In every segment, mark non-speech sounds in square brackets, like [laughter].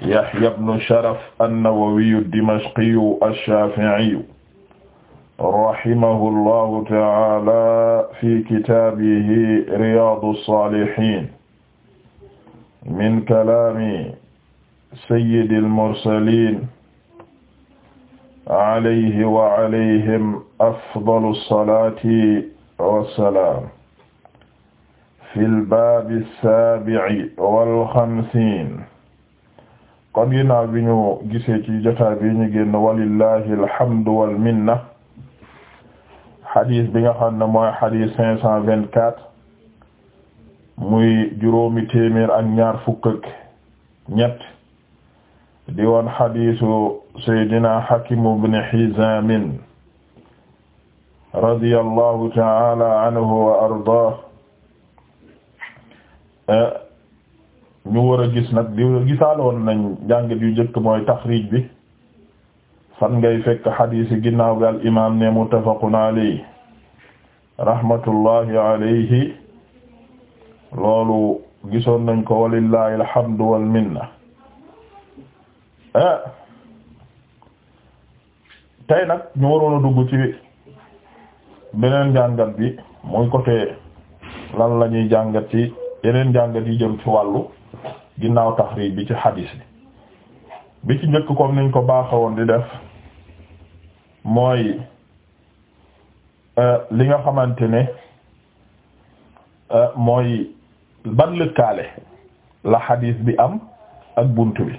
Yahya ibn Sharaf an-Nawawiyu ad-Dimashqiyu ash-Shafi'iyu rahimahullahu ta'ala fi kitaabihi Riyaadu s-Saalihiin min kalaami sayyidil mursaliin alayhi wa alayhim afdalu s-salaati wa s-salaam fil baabi s-saabi'i wal khamsiin kon ginnaaw bi ñu gisee ci jotaay bi ñu génn walillahi alhamdu wal minna xadis bi nga xam ne mooy xadis cinq cent vingt quatre muy juróomi téeméer ak ñaar fukk ñett di woon xadisu saydina Hakim ibn Hizam radiyallahu ta'ala anhu wa ardaah ñu war a gis nag di gisaaloon nañ jàngat yu njëkk mooy taxriij bi fan ngay fekk xadiis ginnaaw gi al imaam ne muttafaqun alayhi rahmatullahi alayhi loolu gisoon nañ ko walillahi alhamdu wal minna eh, tey nag ñu waroon a dugg ci beneen jàngat bi muy côté lan la ñuy jàngat ci yeneen jàngat yi jëm ci wàllu ginnaaw taxriij bi ci xadiis bi bi ci njëkk comme niñ ko baaxawoon di def mooy euh, li nga xamante ne euh, mooy ban la xadiis bi am ak bunt bi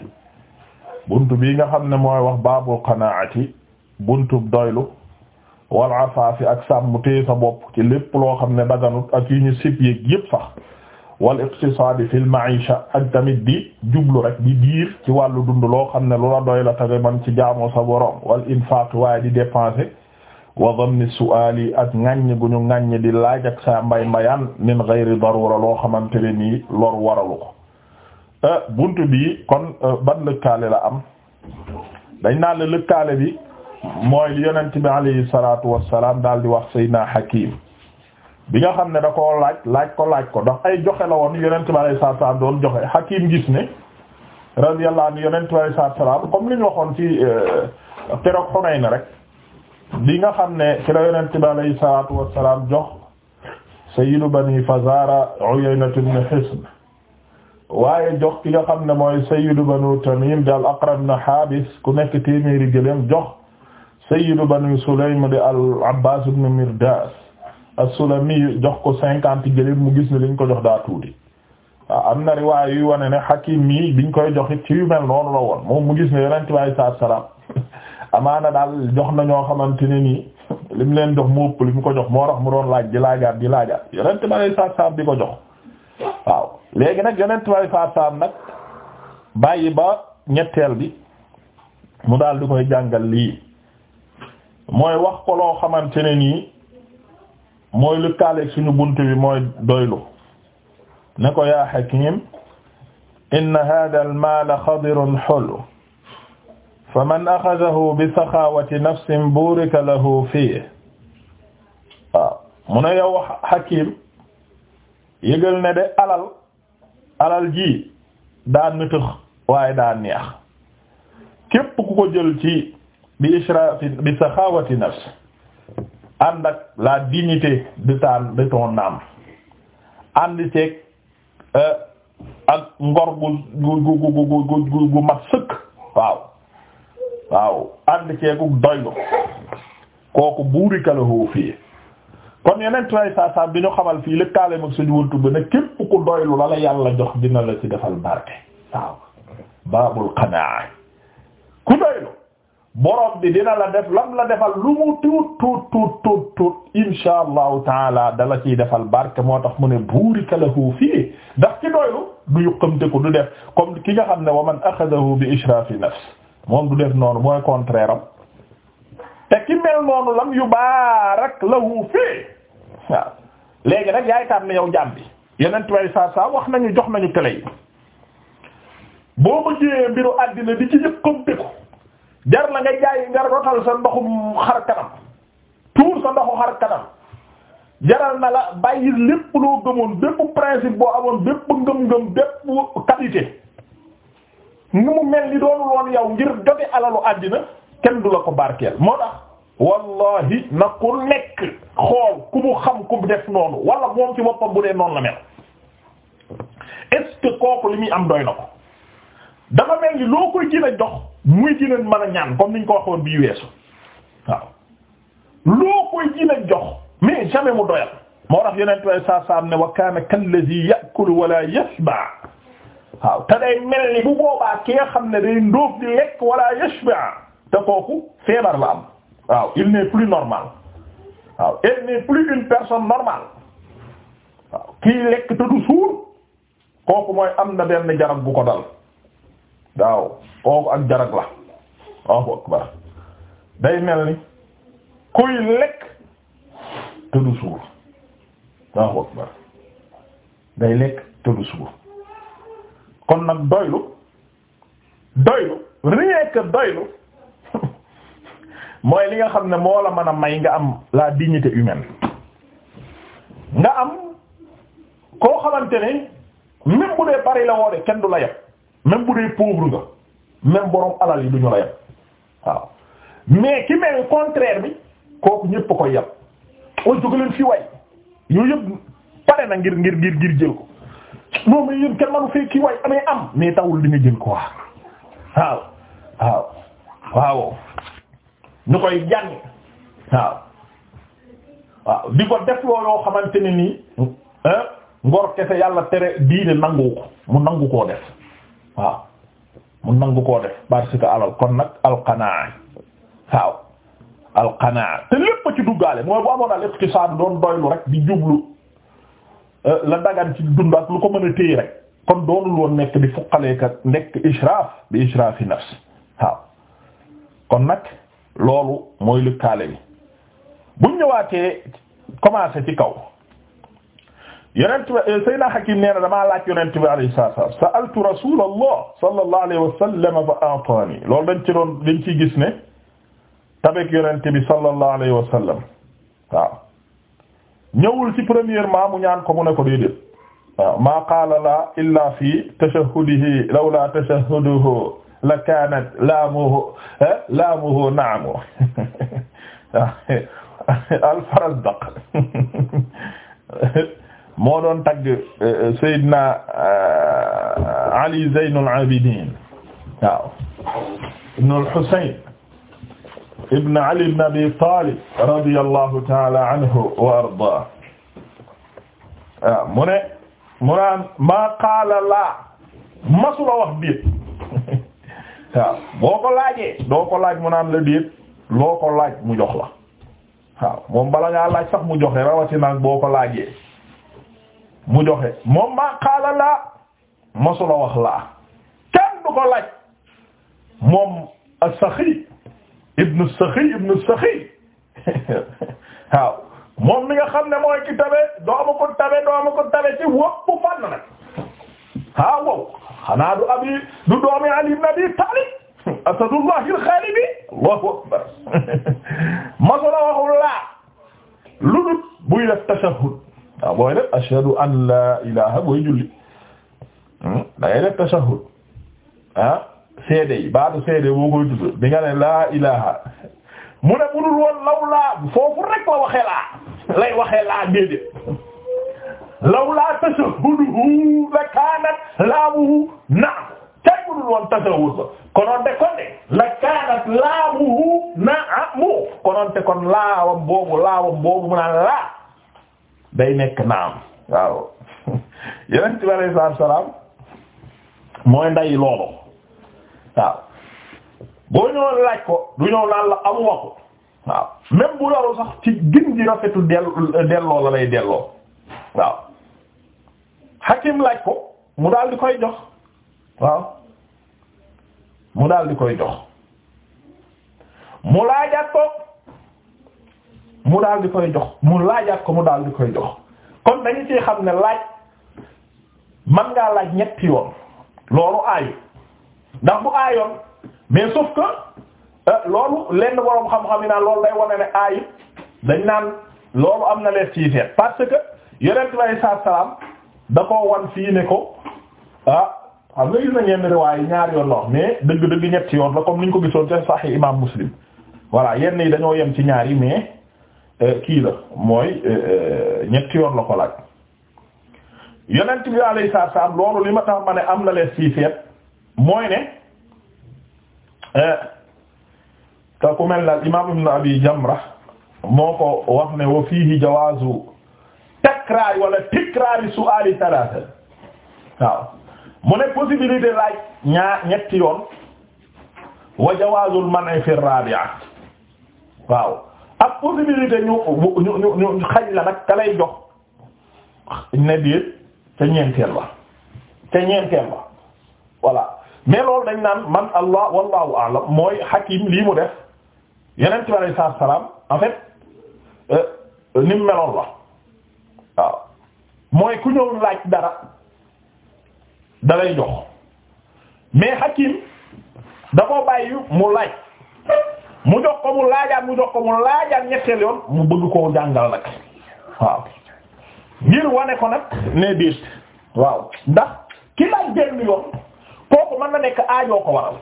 bunt bi nga xam ne mooy wax baabul qanaati buntub doylu wal afaafi ak sàmm téye sa bopp ci lépp loo xam ne daganut ak yu ñu sib yéeg yépp sax wal iqtisaadi fil maisha ak tamit di jublu rek di diir ci wàllu dund loo xam ne lu la doy la tage man ci jaamoo sa borom wal infaq waaye di dépenser wa damni su'aali ak ŋaññi gu ñu di laaj sa mbay mbayaan min ghayri darura loo xamante ne nii lor waralu ko euh, bunt bi kon euh, ban lëkkaale la am dañ naan la lëkkaale bi mooy li yonent bi alayhi salaatu wassalaam daal di wax Seydina Hakim bi nga xam ne da koo laaj laaj ko laaj ko ndax ay joxe la woon yonent bi alayhi salaatu salaam doon joxe Hakim gis ne radiyallahu anhu yonent bi alayhi salaatu salaam comme li ñu waxoon ci euh, keroog Hunayn rek bi nga xam ne ci la yonent bi alayhi salaatu jox sayyidu bani Fazara Uyayna ibn Hisn waaye jox ki nga xam ne mooy sayyidu banu Tamim di al-Aqra ibn Habis ku nekk téeméeri gëléem jox sayyidu bani Sulaym di al-Abbas ibn Mirdas as mi jox ko cinquante gëléem mu gis ne liñ ko jox daa tuuti waaw ah, am na riwaay yuy wane ne Hakim mi biñ koy jox it ci yu mel noonu la woon moom mu gis ne Yonent bi saa salaam [laughs] amaana daal jox na ñoo xamante ne nii [laughs] lim leen jox mu ëpp lim ko jox moo tax mu doon laaj di laajaat di laajaat Yonent bi saa salaam di ko jox waaw léegi nag Yonent bi saa nag bàyyi ba ñetteel bi mu daal di koy jàngal lii mooy wax ko loo xamante ne nii. mooy lëkkaaleeg suñu buntu wi mooy doylu ne ko yaa Hakim inna hada almaala xadirun xulu fa man axadahu lahu fiihi waaw mu ne yow Hakim yëgal ne de alal alal ji daa nëtëx waaye daa neex képp ku ko jël ci bi israfi bi saxaawati nafs ànd ak la dignité de ta de ton âme ànd ceeg euh, ak ngor gu gu gu gu gu mat sëkk waaw waaw ànd ceegu doylu kooku buurikalohoo fii kon yeneen tray sa sa bi ñu xamal fii lëkkaale mag suñu wuntu bi ne képp ku doylu la la yàlla jox dina la ci defal barke waaw baabul qanaa ku doylu borom bi dina la def lam la defal lu mu tuut tuut tuut tuut tuut insha allahu taala dala ciy defal barke moo tax mu ne buurika lahu fii ndax ci doylu du yuqamte ko du def comme ki nga xam ne wa man axadahu bi israfi nafs moom du def noonu mooy contraire am te ki mel noonu lam yubaarak lahu fii waaw léegi nag yaay taam ne yow jàmbi yeneen way saa saa wax nañu jox nañu télé yi boo bëggee mbiru àddina di ci yëkkamte ko jar la nga jaay nga rotal sa ndoxum xar kanam tuur sa ndoxu xar kanam jaral na la bàyyi lépp loo gëmoon bépp principe boo amoon bépp ngëm-ngëm bépp qualité ni mu mel ni doonul woon yow ngir jote alalu àddina kenn du la ko barkeel moo tax wallahi na ku nekk xool ku mu xam ku def noonu wala moom ci boppam bu dee noonu la mel est kooku li muy am doy na ko dafa mel ni loo koy gën jox muy gën a mën a ñaan comme niñ ko waxoon bii weesu waaw loo koy gën a jox mais jamais mu doyal moo tax yeneen tubaab saa ne wa kaana kallazi ya'kulu wala waaw te day mel ni bu boobaa ki nga xam ne day ndóof di lekk wala yashba te kooku feebar la am waaw il n'est plus normal waaw il n'est plus une personne normale waaw kii lekk te du suur kooku mooy am na benn jarab bu ko dal. waaw kooku ak jarag la Allahu akbar day mel ni kuy lekk te du suur Allahu akbar day lekk te suur kon nag doylu doylu rien doylu [laughs] mooy li nga xam ne moo la mën a may nga am la dignité humaine nga am koo xamante ne même bu dee bari la woode kenn du la yab même bu dee pauvre nga même borom alal yi du ñu la yab waaw mais ki mel contraire bi kooku ñëpp ko koy yab on jóg way yooyu yëpp pare na ngir ngir ngir ngir jël ko non mais yéen kenn manu fee kii way amee am mais tawul di nga jël ko waaw waaw waaw ñu koy jàng waaw waaw di ko def looloo xamante ni nii ngor kese yàlla tere diine nangu ko mu nangu koo def waaw mu nangu koo def parce alal kon nag alqanaa waaw alqanaa te lépp ci duggaale mooy bu amoon al iqtisaad doon doylu rek di jublu euh, la dagan ci dund lu ko mën a téye rek kon doonul woon nekk di fuqalee ka nekk israaf bi israafi nafs waaw kon nag loolu mooy lëkkaale bi buñ ñëwaatee commencé ci kaw yonent bi eh, Seydina Hakim nee na damaa laaj yonent bi alayhi salaatu wa salaam sa'altu rasuulallah sallallahu alayhi wa sallam fa a'taani loolu dañ ci doon dañ ciy gis ne tabek yonent bi sallallahu alayhi wa sallam waaw ñëwul ci premièrement mu ñaan ko mu ne ko déedéet waaw maa laa illaa fi tashahhudihi lawlaa la kaanat eh, laamuhu na'amu [laughs] al [laughs] moo doon tagg euh, euh, Seydina euh, Ali Zeynul Abidin waaw ibnul Husayn ibn Ali ibn Abi Talib radiyallahu ta'ala anhu wa ardaah waaw mu ne mu naan maa qaala laa masula wax déet [laughs] waaw boo ko laajee doo ko laaj mu naan la déet loo ko laaj mu jox la waaw moom bala ngaa laaj sax mu joxe rawatina boo ko laajee mu joxe moom maa xaala laa wax laa kenn du ko laaj moom as-Saxi ibnu Saxi ibnu Saxi [laughs] waaw moom mi nga xam ne mooy ki tabe ko tabe dooma ko tabe ci wëpp fànn nag haa wow xanaa abi du doomi Ali ibn Abi Talib [laughs] Asadullahi al-Xaalibi Allahu akbar [laughs] masula waxul laa lu dul buy def tashahhud waaw booy def ashhadu an la ilaha booy julli hmm? da ngay def tashahhud ah seede yi seede boo koy tudd bi nga ne laa ilaha mu ne budul woon law laa foofu rek la waxee laa lay waxee laa déedéet law laa tashahhuduhu la kaanat laabuhu naam tey budul te kon de la kaanat laabuhu naam boobu mu naan laa day nekk naam waaw [laughs] yeneen ci alayhi salaatu salaam mooy nday loolu waaw boo ñëw laaj ko du ñëw laal la amu wax ko waaw même bu loolu sax ci gën ji rafetu delloo la lay delloo waaw hakim laaj ko mu daal di koy jox waaw mu daal di koy jox mu laajaat ko mu daal di koy jox mu laajaat ko mu daal di koy jox kon dañu ci xam ne laaj man ngaa laaj ñetti yoon loolu aayu ndax bu aayoon mais sauf que euh, loolu lenn boroom xam-xam yi naan loolu day wane ne aayu dañ naan loolu am na lees ciy seet parce que yonent bi alei salaatu salaam da koo wan fii ne ko ah xam nga gis na ñenn riwaay ñaar yoon la wax mais dëgg-dëgg ñetti yoon la comme niñ ko gisoon te Sahih Imam Muslim voilà yenn yi dañoo yem ci ñaar yi mais Euh, kii la mooy euh, euh, ñetti yoon la ko laaj yonent bi alayhi salaam loolu li ma tax ma ne am na leen sii seet mooy ne te ku mel na imaam jamra moo ko wax ne wa fiihi jawaazu takraar wala tikraari su'aali talaata waaw mu ne possibilité laaj ñaar ñetti yoon wa jawaazul man'i fi rabi'a waaw ak possibilité ñu ñu ñu ñu xañ la nag ka jox ne déet ca ñeenteel ba ca ñeenteel ba voilà mais dañ naan man allah wallahu alam mooy hakim lii mu def yeneen ci alayhi salaam en fait euh, ni mu meloon la mooy ku ñëw laaj dara da lay jox mais hakim da bàyyi mu laaj. mu jox ko mu laajaat mu jox ko mu laajaat ñetteel yoon mu bëgg ko jàngal nag waaw ngir wane ko nag ne déet waaw ndax ki laaj benn yoon kooku mën na nekk aajo ko waral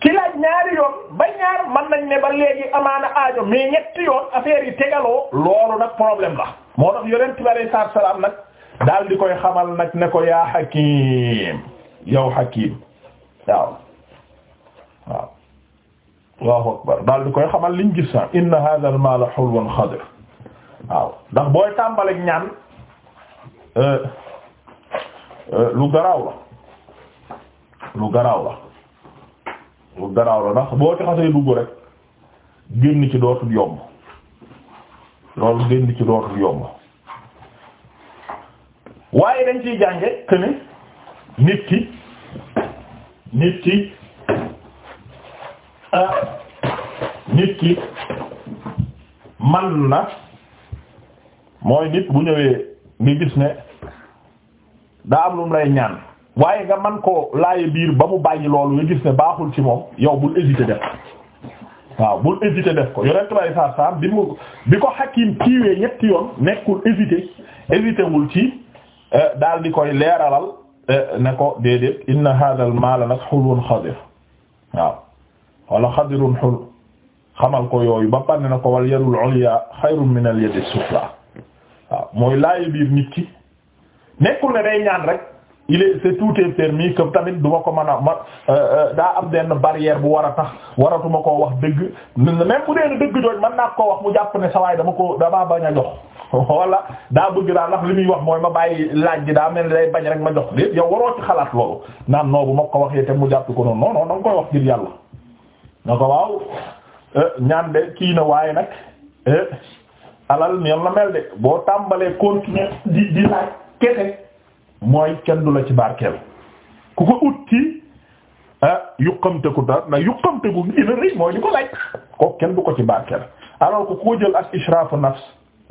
ki laaj ñaari yoon ba ñaar mën nañ ne ba léegi amaana aajo mais ñetti yoon affaire yi tegaloo loolu nag problème la moo tax yonent bi alayhi salaam nag daal di koy xamal nag ne ko yaa Hakim yow Hakim waaw Allahu akbar daal di koy xamal liñ gis sax inna hadha al-maala hulwun xadir waaw ndax booy tàmbaleeg ñaan euh, euh, lu garaaw la lu garaaw la lu garaaw la ndax boo ci xasee dugg rek génn ci dootul yomb loolu génn ci dootul yomb waaye dañ ciy jànge que nit ki nit ki. Euh, nit ki man na mooy nit bu ñëwee nga gis ne daa am lu lay ñaan waaye nga man ko laaye biir ba mu bàññi loolu nga gis ne baaxul ci moom yow bul hésiter def waaw bul hésiter def ko yonent bay sa sam bi mu bi ko Hakim kiiwee ñetti yoon nekkul hésiter hésiter ci euh, daal di koy leeralal euh, ne ko déedéet inna hadha al mala nag hulwun xadir waaw wala xadirun xul xamal ko yooyu ba pare na ko wal yaru ulya xayrun min al yadi sufla waaw mooy laaj biir nit ki nekkul ne day ñaan rek il est c'est tout est permis comme tamit du ma ko mën a ma euh, euh, daa am benn barrière bu war a tax waratuma ko wax dëgg même bu dee dëgg jooju man naa ko wax mu jàpp ne sa waay dama ko damaa bañ a jox [laughs] wala daa bëgg daal la li muy wax mooy ma bàyyi laaj bi daa mel ni day bañ rek ma jox lépp yow waroo xalaat loolu naan non bu ma ko waxee te mu jàpp ko noonu wax ngir yàlla. na ko waaw eh, ñaan kii na waaye nag eh, alal ñoom la mel de boo tàmbalee continuer di di laaj kese mooy kenn du la ci barkeel ku ko ut ci eh, yuqamte ku dar nag yuqamte ku gën a rëy mooy li ko laaj kooku kenn du ko ci barkeel alors ko koo jël ak israfu nafs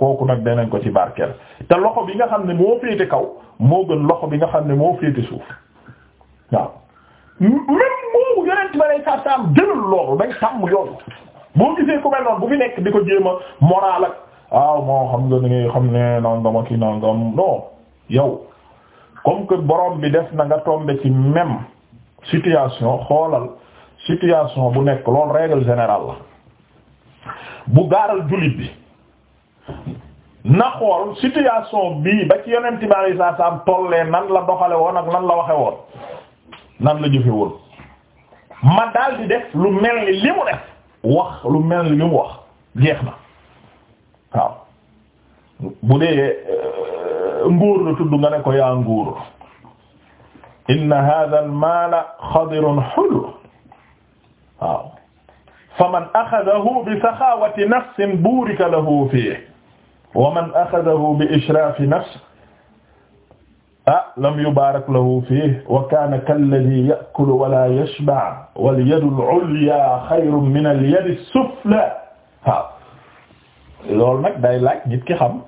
kooku nag danañ ko ci barkeel te loxo bi nga xam ne moo féete kaw moo gën loxo bi nga xam ne moo féete suuf waaw même moomu yonent bi alay saatu salaam jëlul loolu day sàmm yooyu boo gisee ku mel noonu bu fi nekk di ko jéem a ak waaw ah, moo xam nga ni xam ne nangam ak nangam non yow comme que borom bi def na nga tombé ci même situation xoolal situation bu nekk loolu règle générale la bu gaaral jullit bi na xool situation bii ba ci yonent bi alay saatu salaam tollee nan la doxale woon ak nan la waxe woon nan la jëfe woon ma daal di def lu mel ni li mu def wax lu mel ni li mu wax jeex na waaw bu dee euh, nguur la tudd nga ne ko yaa nguur inna hadha al mala xadirun hulw waaw fa man axadahu bi saxaawati nafsin buurika lahu fiihi wa man axadahu bi ishraafi nafsin ah lam yubaarak lahu fiihi wa kaana kalladii ya'kulu wa laa yashba'u wal yadul ulyaa xayrun minal yadis suflaa waaw loolu nag day laaj nit ki xam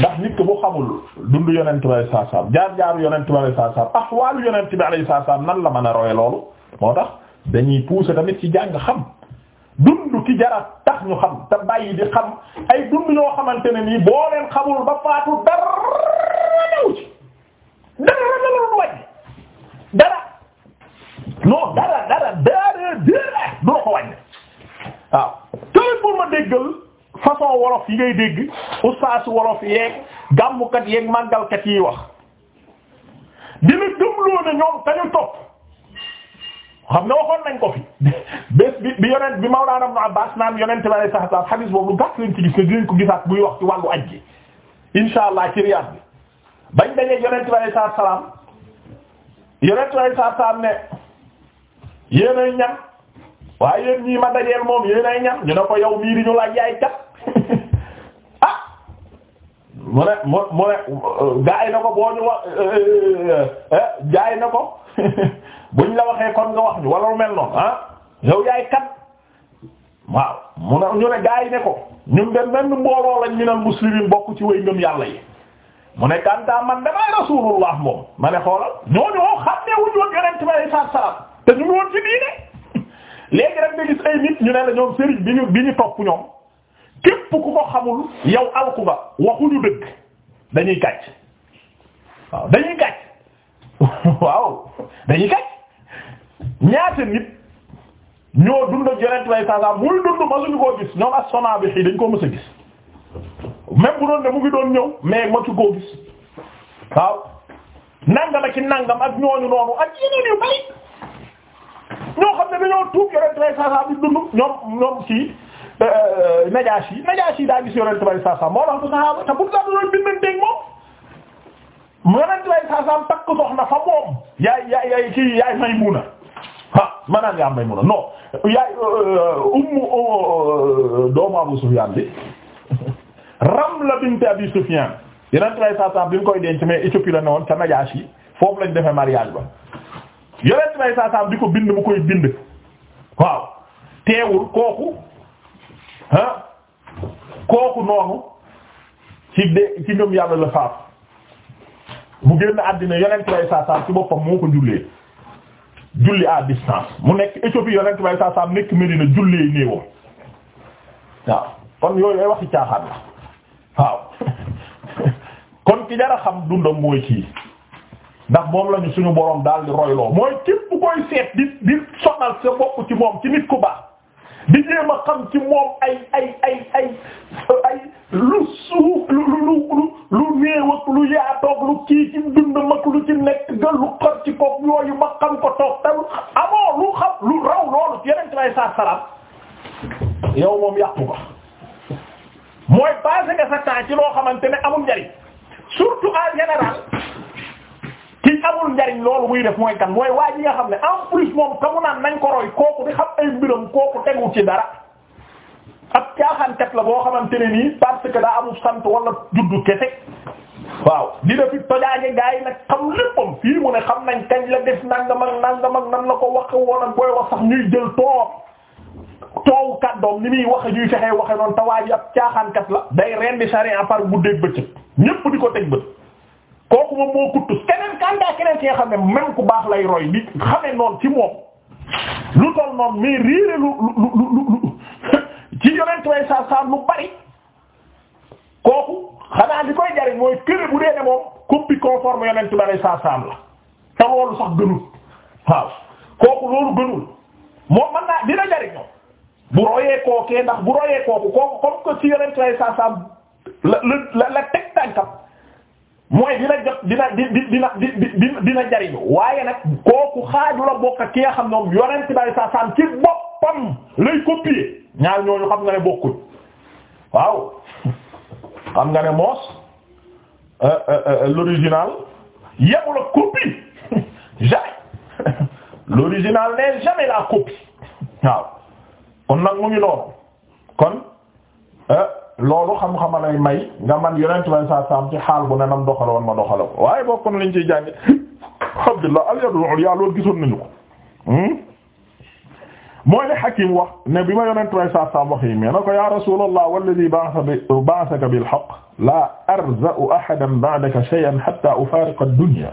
ndax nit ki bu xamul dundu yonent bi alayhi salaatu salaam jaar-jaaru yonent bi alayhi salaatu salaam ahwaalu yonent bi alayhi salaatu salaam nan la mën a roye loolu moo tax dañuy pousser tamit ci jàng xam dund ki jara tax ñu xam te bàyyi di xam ay dund yoo xamante ne nii boo leen xamul ba faatu dara. dara la la doon wàññi dara non dara dara dara dara du la ko wàññi waaw tey pour ma déggal façon wolof yi ngay dégg ustaas wolof yeeg gàmmukat yeeg màggalkat yi wax dina gëmloo ne ñoom dañu topp xam nga waxoon nañ ko bi bi yonent bi Mawlana Ibn Abbas naan yonent bi alayhi salaatu wa salaam hadith boobu lu gàtt lañ ci gis ne buy wax ci wàllu ajj insha allah ci bañ dañee yonent bi alayhi salaatu salaam yonent bi alayhi salaam ne yéenay ñan waaye yéen ñii ma dajeel moom yéenay ñan ñu yow mii di ñu laaj yaay kat [laughs] ah mu ne mu mu ne jaay na ko boo ñu wax eh, eh, eh, jaay na ko [laughs] buñ la waxee kon nga wax ñu wala lu mel ah yow yaay kat waaw mu ne ñu ne gaay ne ko ñun de même mbooloo lañ minal muslimiin bokk ci way ngëm yàlla yi. mu ne Kanta man damay rasulullah moom ma ne xoolal ñooñu woo xam ne wuñu woon yonent te ñu ngi woon ci diine [laughs] léegi rek gis ay nit ñu ne la ñoom sëriñ bi ñu bi ñu topp ñoom képp ku ko xamul yow alku nga waxuñu dëgg dañuy kàcc waaw dañuy kàcc [laughs] waaw dañuy kàcc ñaata nit ñoo dund ak yonent bi ay saa salaam muy dund ma suñu koo gis ñoom as-Sanaabihi dañ ko mës gis. même bu doon ne mu ngi doon ñëw mais ma ci koo gis waaw nangam ak ci nangam ak ñooñu noonu ak yeneen yu bari ñoo xam ne dañoo tuub yore tubay saasaa bi dund ñoom ñoom ci euh, Najaashi Najaashi daa gis yore tubay saasaa moo tax du saxaaba te bu dul doon bindanteeg moom. mu yore tubay saasaa takk soxna fa moom ma naan yaa Maymuna non yaay euh, euh, ummu doomu Abu Sufyaan bi. Ramla bint Abi Sufyan yeneen tubaab saa saa bi ñu koy denc mais Éthiopie la ne woon ca Najaasi foofu lañ defee mariage ba yeneen tubaab saa saa bi ko bind mu koy bind waaw teewul kooku ah kooku noonu ci de ci ñoom yàlla la faatu mu génn àddina yeneen tubaab saa saa ci boppam moo ko jullee julli à distance mu nekk Éthiopie yeneen tubaab saa saa nekk Medina jullee néewam waaw kon yooyu ay waxi caaxaan kon ki dara xam dundam mooy kii ndax moom lañu suñu borom daal di royloo mooy képp koy seet di di sonal sa bopp ci moom ci nit ku baax di jéem a xam ci moom ay ay ay ay lu suuf lu lu lu lu néew ak lu yaatoog lu kii ci dund mag lu ci nekk nga lu xor ci koog yooyu ma xam ko toog te amoo lu xam lu raw loolu ci yeneen ci may saa salaam yow moom yàqu ko mooy passé nga sa temps ci loo xamante ne amul njariñ surtout en général ki amul njariñ loolu muy def mooy kan mooy waa ji nga xam ne en plus moom ka mu naan nañ ko kooku di xam ay mbiram kooku tegul ci dara ab caaxaankat la boo xamante ne nii parce que daa amul sant wala juddu kese waaw di def it tojaange gaa yi nag xam léppam fii mu ne xam nañ kañ la def nangam ak nangam ak nan la ko waxee woon ak booy wax sax ñuy jël toog. toowu kàddoom ni muy waxe ñuy fexee waxe noonu tawaa ji ab caaxaankat la day rendi charia par guddeeg bëccëg ñépp di ko teg bët kooku moom moo kuttus keneen kandaa keneen ki nga xam ne même ku baax lay roy di xame noonu ci moom lu toll noonu mais riire lu lu lu lu [laughs] ci yonent way sa sa lu bari kooku xanaa li koy jariñ mooy këre bu dee ne moom copie conforme yonent bari sa sam la te loolu sax gënul waaw kooku loolu gënul moom man naa dina jariñoo bu royee kookee ndax bu royee kooku kooku comme ci yeneen traçais sàmm la la la teg tànkam mooy dina jot dina di dina dina jariñu waaye nag kooku xaaju la ki nga xam ñoom yonent bi sallallahu alayhi wasallam ci boppam lay copier ñaar ñooñu xam nga ne bokkul waaw xam nga ne moos euh, euh, euh, l'original yebul copie [laughs] jamais [laughs] l'original n'est jamais la copie waaw. kon nag mu ngi noonu kon eh, loolu xam-xama lay may nga man yonent bay saa saam ci xaal bu nenam doxal woon ma doxala ko waaye bokk na liñ ciy jànge Abdullah al yadul yaa loolu gisoon nañu ko hmm? mooy ne Hakim wax ne bi ma yonent bay saa saam wax yi mais na bi ya rasulallah walladhi ba'athaka bil haqq la arza'u ahadan ba'daka shay'an hatta ufariqa ad-dunya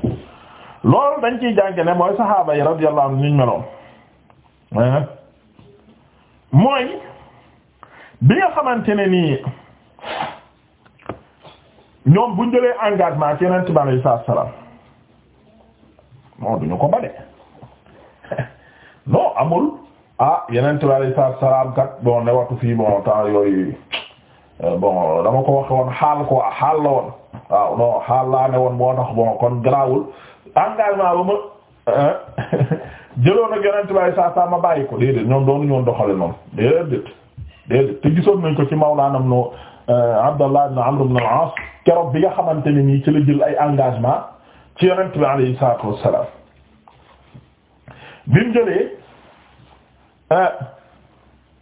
loolu dañ ciy jànge ne mooy sahaaba yi radiyallahu anhum niñ meloon eh? mooy bi nga xamante ne nii ñoom bu ñu jëlee engagement ci yonent bi alayhi salaatu salaam non duñu ko ba de [laughs] non amul ah yonent bi alayhi kat bon ne waxtu fii bon temps yooyu euh, bon dama ko waxe woon xaal ko xaal la woon waaw non xaal laa ne woon moo tax bon kon garaawul engagement ba ma [laughs] jëloon nag yonent bi saa saa ma bàyyi ko déedéet ñoom doonu ñoon doxale noonu déedéet te gisoon nañ ko ci mawlaanam no euh, Abdallah ibn Amr ibn al-As keroog bi nga xamante ne nii ci la jël ay engagement ci yonent bi alayhi salaatu wassalaam bi mu jëlee euh,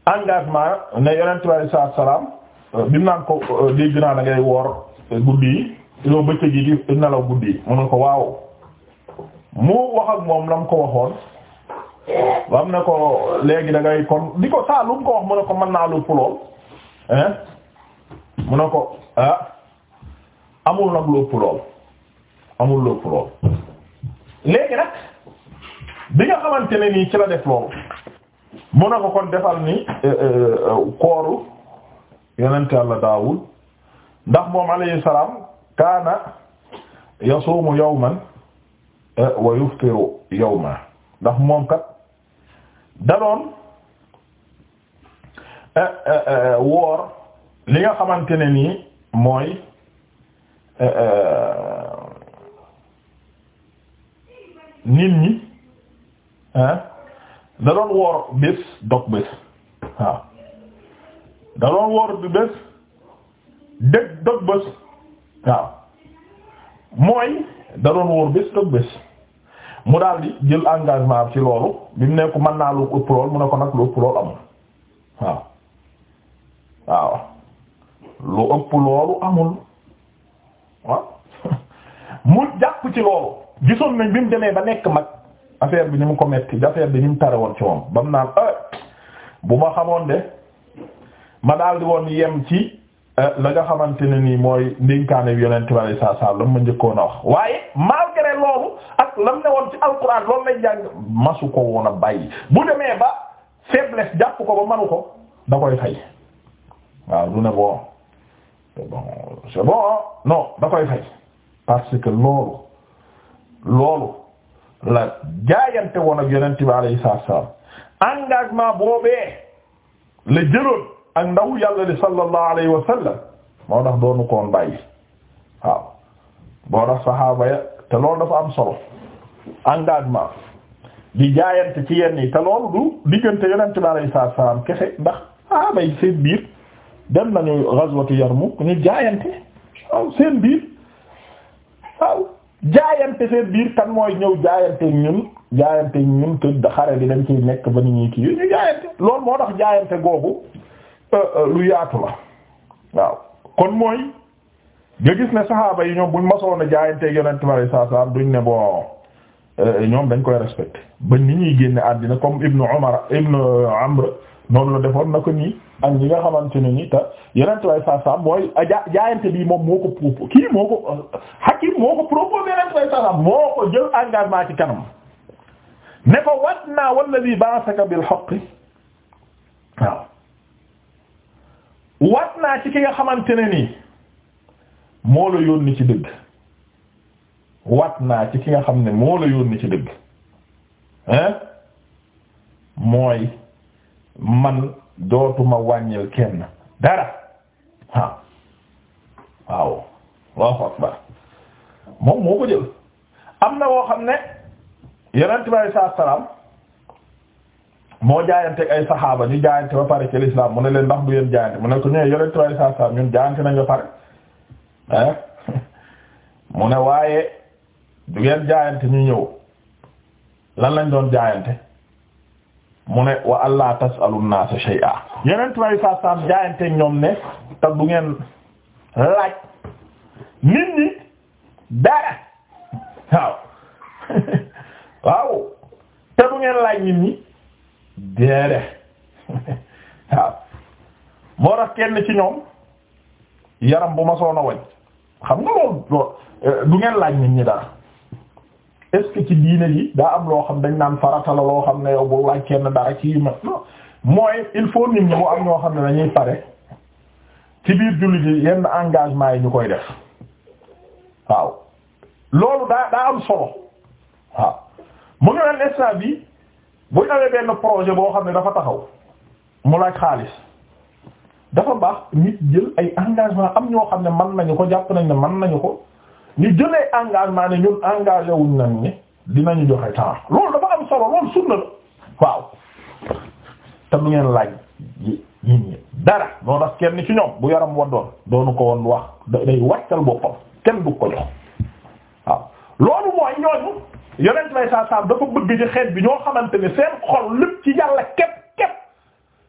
engagement ne yonent bi alayhi salaatu wassalaam euh, bi mu ko dégg naa da ngay woor guddi yi loo bëccëg yi di nelaw guddi yi mu ko waaw mu wax moom la mu ko waxoon am na ko léegi da ngay kon di ko saa lu mu ko wax mu ne ko mën naa lu pulool hein mu ne ko ah amul nag lu pulool amul lu pulool léegi nag bi nga xamante ne nii ci la def loolu mu ne ko kon defal ni eh, eh, kooru yonent Yàlla Daawud ndax moom alayhi salaam kaana yasuumu yawman eh, wa yuftiru yawman ndax moom kat da doon eh, eh, eh, woor li nga xamante ne nii mooy nit ñi da doon woor bés dog bés waaw da doon woor bés dëgg dog bés waaw mooy da doon woor bés dog bés mu daal di jël engagement ci loolu bi mu nekk mën naa lu ëpp lool mu ne ko nag lu ëpp lool amul waaw waaw lu ëpp loolu amul [laughs] mu jàpp ci loolu gisoon nañ bi mu demee ba nekk mag affaire bi ni mu ko metti affaire bi ni mu tare woon ci moom ba mu naan eh, bu ma xamoon de ma daal di woon yem ci eh, la nga xamante ne nii mooy ndénkaane bi yonent bi sallallahu alayhi ma njëkkoon a wax waaye malgré lam ne woon ci alquran loolu lay jàng masu ko woon a bàyyi bu demee ba faiblesse jàpp ko ba manu ko da koy fay waaw du ne bon c'est bon c'est bon non da koy fay parce que loolu loolu la jaayante woon ak yonent bi alayhi salaam engagement boobee la jëloon ak ndaw yàlla li sallallahu alayhi moo tax doonu koon bàyyi waaw boo tax saxaaba ya te loolu dafa am solo engagement di jaayante ci yenn yi te loolu du diggante yonente bi alayhi salaatu salaam kese ndax ah bay seen biir dem nañu ghazwatu Yarmuk ñu jaayante waaw seen biir waaw jaayante seen biir kan mooy ñëw jaayante ñun jaayante ñun te xare bi dañ ciy nekk ba ni ñuy kii ñu jaayante loolu moo tax jaayante googu euh, euh, lu yaatu la waaw kon mooy nga gis ne saxaaba yi ñoom buñ masoon a jaayanteeg yonente bi alayhi duñ ne bon. Euh, ñoom dañ koy respecté ba ni ñuy génne àddina comme ibnu Umar ibnu Amr noonu la defoon na ko nii ak ñi nga xamante ne ni te yeneen way saa mooy ja jaayante bi moom moo ko propos kii moo ko Hakim moo ko proposé moo ko jël engagement ci kanam ne ko wat naa walladi ba'athaka bil haqq waaw wat naa ci ki nga xamante ne nii moo la yónni ci dëgg. wat naa ci ki nga xam ne moo la yónni ci dëgg hein mooy man dootuma wàññil kenn dara waaw waaw Allahu moom moo ko jël am na woo xam ne yonent bi alayhi salaatu salaam moo jaayante ay saxaaba ñu jaayante ba pare ci lislaam mu ne leen ndax du yéen jaayante mu ne ko ñëwee yonent bi alayhi salaatu salaam ñun jaayante nañ ba pare hein [laughs] mu ne waaye du ngeen jaayante ñu ñëw lan lañ doon jaayante mu ne wa allah tasalu naasa shay'a yeneen tubaab yi saa saam jaayante ñoom ne te du ngeen laaj nit ñi dara waaw [laughs] te du ngeen laaj nit ñi dara [laughs] waaw moo tax kenn ci ñoom yaram bu ma soona wañ xam nga loolu euh, du ngeen laaj nit ñi dara. est ce ci diine ji daa am loo xam dañ naan farata la loo xam ne yow boo laaj kenn dara ci yu ma mooy il faut nit mu am ñoo xam ne dañuy pare ci biir jullit yi yenn engagement yi ñu koy def waaw loolu daa daa am solo waaw mu ngi leen instant bi bu ñu amee benn projet boo xam ne dafa taxaw mu laaj xaalis dafa baax nit jël ay engagement am ñoo xam ne mën nañu ko jàpp nañ ne mën nañu ko. ñu jëlee engagement ne ñun engagé wuñ nañ ni dinañu joxe temps loolu dafa am solo loolu sunna la waaw te ngeen laaj yi ñi dara noo tax kenn ci ñoom bu yaram waddoon doonu ko woon wax day wàccal boppam kenn du ko jox waaw loolu mooy ñooñu yonent may saa saam dafa bëgg ci xeet bi ñoo xamante ne seen xol lépp ci yàlla képp képp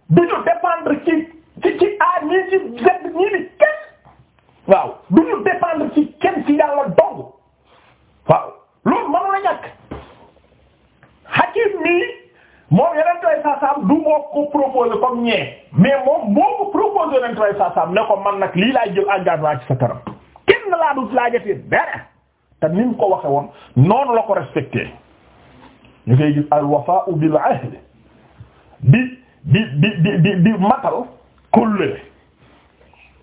du ñu dépendre ci ci ci a ñii ci z ñii ni képp waaw du ñu dépendre ci dem ci yàlla dong waaw loolu mënu la hakim mi moom yeneen tray sasam du moo ko proposé comme ñee mais moom moo ko yeneen tray sasam ne ko man nag lii laay jël engagement ci sa kanam kenn laa dut laajatee dara te ni mu ko waxee woon noonu la ko respecté ñu koy gis al wafa'u bil ahd di di di di di di matal kóllëre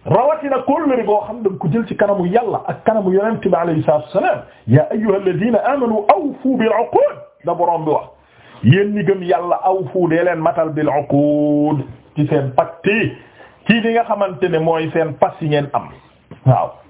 rawatina kóllëre goo xam da nga ko jël ci kanamu yàlla ak kanamu yonent bi alayhi salaatu wassalaam yaa ayyuhal ladiina aamanu awfu bil uquud da boroom bi wax yéen ñi gëm yàlla awfu dee leen matal bil uquud ci seen pacte ci li nga xamante ne mooy seen pas yi ngeen am